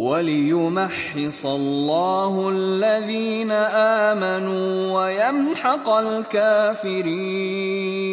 وليمحص الله الذين آمنوا ويمحق الكافرين